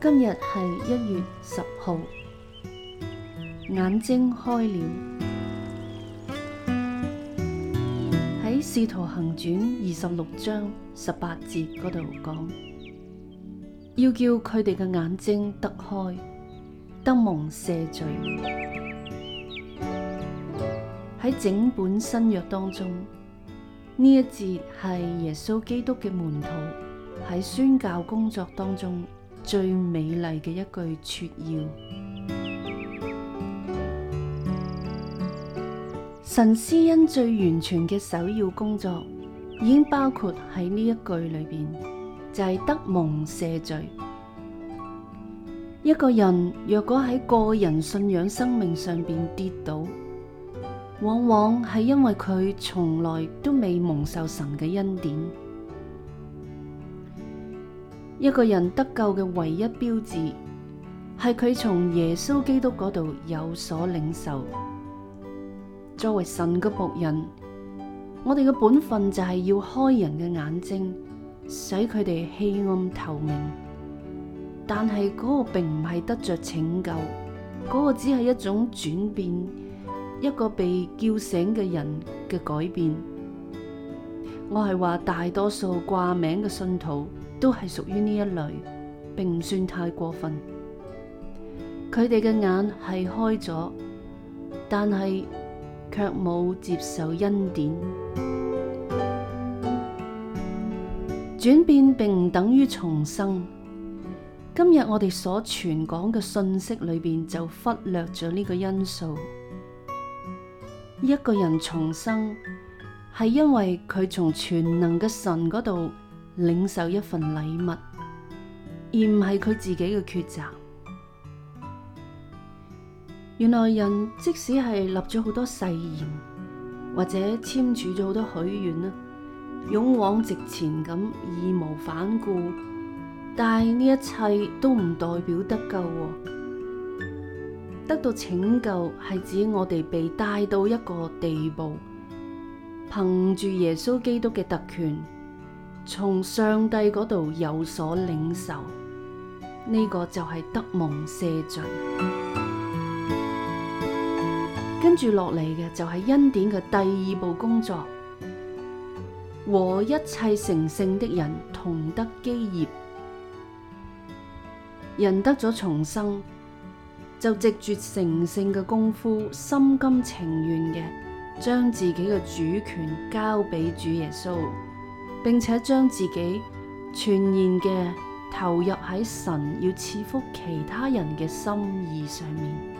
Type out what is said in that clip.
今日係一月十號，眼睛開了。喺《使徒行傳》二十六章十八節嗰度講，要叫佢哋嘅眼睛得開，得蒙赦罪。喺整本新約當中，呢一節係耶穌基督嘅門徒。喺宣教工作當中最美麗嘅一句撮要，神施恩最完全嘅首要工作，已經包括喺呢一句裏邊，就係得蒙赦罪。一個人若果喺個人信仰生命上邊跌倒，往往係因為佢從來都未蒙受神嘅恩典。一個人得救嘅唯一標誌係佢從耶穌基督嗰度有所領受。作為神嘅僕人，我哋嘅本分就係要開人嘅眼睛，使佢哋棄暗投明。但係嗰個並唔係得着拯救，嗰個只係一種轉變，一個被叫醒嘅人嘅改變。我係話大多數掛名嘅信徒。都係屬於呢一類，並唔算太過分。佢哋嘅眼係開咗，但係卻冇接受恩典。轉 變並唔等於重生。今日我哋所傳講嘅信息裏邊就忽略咗呢個因素。一個人重生係因為佢從全能嘅神嗰度。領受一份禮物，而唔係佢自己嘅抉擇。原來人即使係立咗好多誓言，或者簽署咗好多許願啦，勇往直前咁義無反顧，但係呢一切都唔代表得救啊。得到拯救係指我哋被帶到一個地步，憑住耶穌基督嘅特權。從上帝嗰度有所領受，呢個就係得蒙赦罪。跟住落嚟嘅就係恩典嘅第二步工作，和一切成聖的人同得基業。人得咗重生，就藉住成聖嘅功夫，心甘情願嘅將自己嘅主權交俾主耶穌。並且將自己全然嘅投入喺神要賜福其他人嘅心意上面。